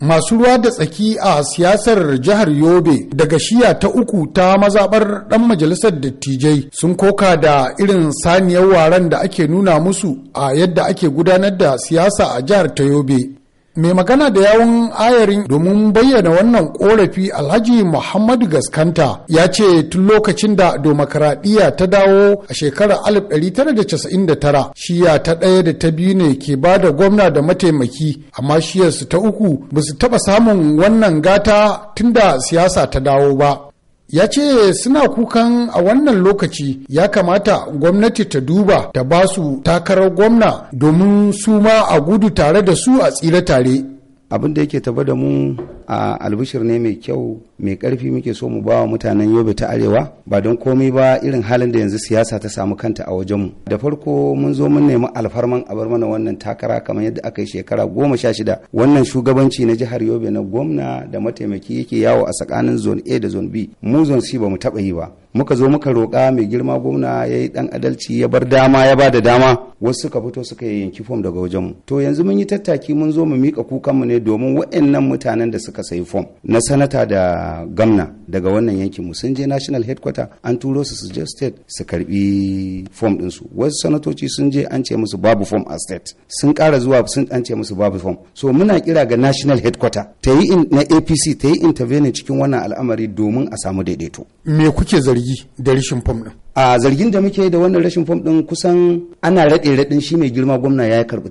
masu ruwa da tsaki a siyasar jihar yobe daga shiya ta uku ta mazaɓar ɗan majalisar dattijai sun koka da irin saniyar waren da ake nuna musu a yadda ake gudanar da siyasa a jihar ta yobe mai magana da yawon ayarin domin bayyana wannan korafi alhaji muhammadu gaskanta ya ce tun lokacin da domokaradiyya ta dawo a shekarar 1999 shiya ta ɗaya da ta biyu ne ke ba da gwamna da mataimaki amma shiyarsu ta uku ba su taɓa samun wannan gata tun da siyasa ta dawo ba ya ce suna kukan a wannan lokaci ya kamata gwamnati ta duba ta ba su takarar gwamna domin su ma a gudu tare da su a tsira tare abin da yake taba da mu a albishir ne mai kyau mai karfi muke so mu bawa mutanen yobe ta arewa ba don komai ba irin halin da yanzu siyasa ta samu kanta a wajenmu da farko mun zo mun nemi alfarman a bar mana wannan takara kamar yadda aka yi shekara goma sha shida wannan shugabanci na jihar yobe na gwamna da mataimaki yake yawo a tsakanin zone a da zone b mu zone c ba mu taba yi ba muka zo muka roƙa mai girma gwamna ya yi ɗan adalci ya bar dama ya ba da dama wasu suka fito suka yi yanki fom daga wajenmu to yanzu mun yi tattaki mun zo mu miƙa kukanmu ne domin waɗannan mutanen da suka aka sayi fom na sanata da gamna daga wannan yankin mu sun je national headquarter an turo su su state su karbi fom din su wasu sanatoci sun je an ce musu babu fom a state sun kara zuwa sun an ce musu babu fom so muna kira ga national headquarter ta yi na APC ta yi intervening cikin wannan al'amari domin a samu daidaito me kuke zargi da rashin fom din a zargin da muke da wannan rashin fom din kusan ana raɗe raɗin shi mai girma gwamna ya karɓi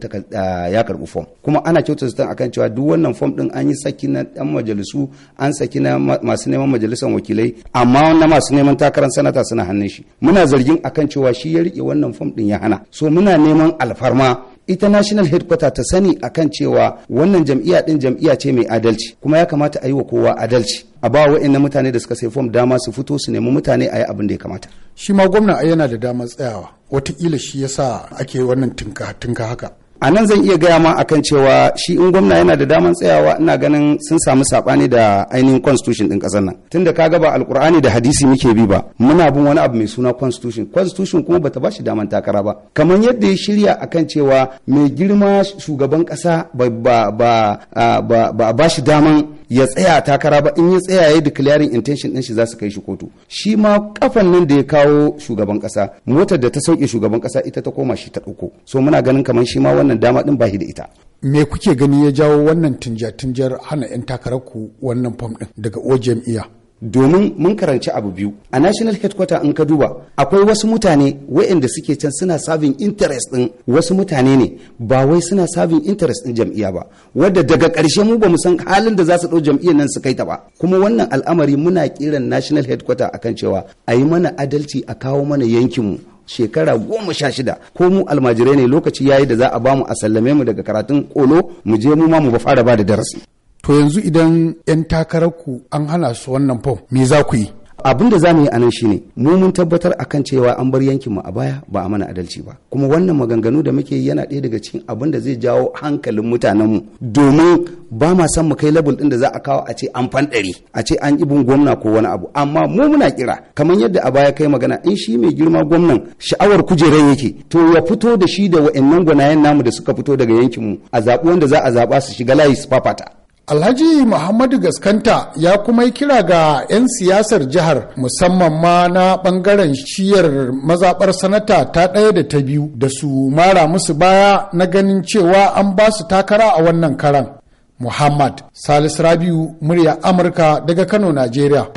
ya karɓi fom kuma ana kyautata zaton akan cewa duk wannan fom din an yi saki na ɗan majalisu an saki na masu neman majalisar wakilai amma na masu neman takarar sanata suna hannun shi muna zargin akan cewa shi ya riƙe wannan fom din ya hana so muna neman alfarma international national headquarter ta sani akan cewa wannan jam'iya din jam'iyya ce mai adalci kuma ya kamata a yi wa kowa adalci a ba wa na mutane da suka sai fom dama su fito su nemi mutane a yi abin da ya kamata shi ma gwamna yana da damar tsayawa watakila shi yasa ake wannan tinka tinka haka a nan zan iya gaya ma akan cewa shi in gwamna yana da daman tsayawa ina ganin sun samu saɓani da ainihin constitution din kasar nan tun da kaga ba alkur'ani da hadisi muke bi ba muna bin wani abu mai suna constitution constitution kuma bata bashi daman takara ba kamar yadda ya shirya akan cewa mai girma shugaban kasa ba ba ba, ba, ba, ba, ba shi daman ya tsaya takara ba in ya tsaya ya declaring intention din shi za su kai shi kotu shi ma kafan nan da ya kawo shugaban kasa motar da ta sauke shugaban kasa ita ta koma shi ta dauko so muna ganin kamar shi ma wannan dama din bahi da ita me kuke gani ya jawo wannan tunja-tunjar hana 'yan takarar ku wannan fam ɗin daga ojm jam'iyya e domin mun karanci abu biyu a national headquarter in ka duba akwai wasu mutane wayanda suke can suna serving interest din wasu mutane ne ba wai suna serving interest din jam'iyya ba wadda daga ƙarshe mu ba mu san halin da za su ɗau jam'iyyar nan su kai ta ba kuma wannan al'amari muna kiran national headquarter akan cewa a yi mana adalci a kawo mana yankinmu shekara goma sha shida ko mu almajirai ne lokaci yayi da za a bamu a sallame mu daga karatun kolo mu je mu ma mu ba fara ba da darasi to yanzu idan 'yan takararku an hana su wannan fom me za ku yi abin da za mu yi nan shine mu mun tabbatar a kan cewa an bar yankin mu a baya ba a mana adalci ba kuma wannan maganganu da muke yana ɗaya daga cikin abin da zai jawo hankalin mutanen mu domin ba ma san mu kai level ɗin da za a kawo a ce an fanɗari a ce an ibin gwamna ko wani abu amma mu muna kira kamar yadda a baya kai magana in shi mai girma gwamnan sha'awar kujerar yake to ya fito da shi da wa'annan gwanayen namu da suka fito daga yankin mu a zaɓi wanda za a zaɓa su shiga layi su fafata Alhaji Muhammadu Gaskanta ya kuma yi kira ga 'yan siyasar jihar musamman ma na bangaren shiyar mazabar sanata ta ɗaya da ta biyu da su mara musu baya na ganin cewa an ba su takara a wannan karan. Muhammad salis Rabiu murya Amurka daga Kano, nigeria.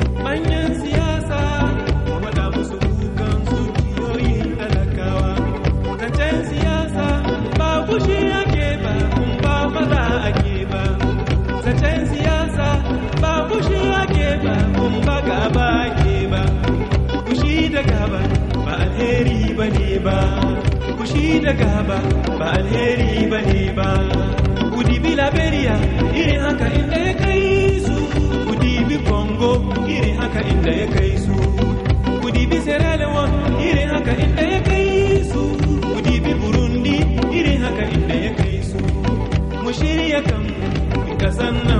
da kuma gaba ba kushi da gaba alheri ba ne ba kushi da gaba ba alheri ba ne ba kudi bi liberia irin haka inda ya kai su congo irin haka inda ya kai su sierra leone irin haka inda ya kai su burundi irin haka inda ya kai su mu shirya kan kasan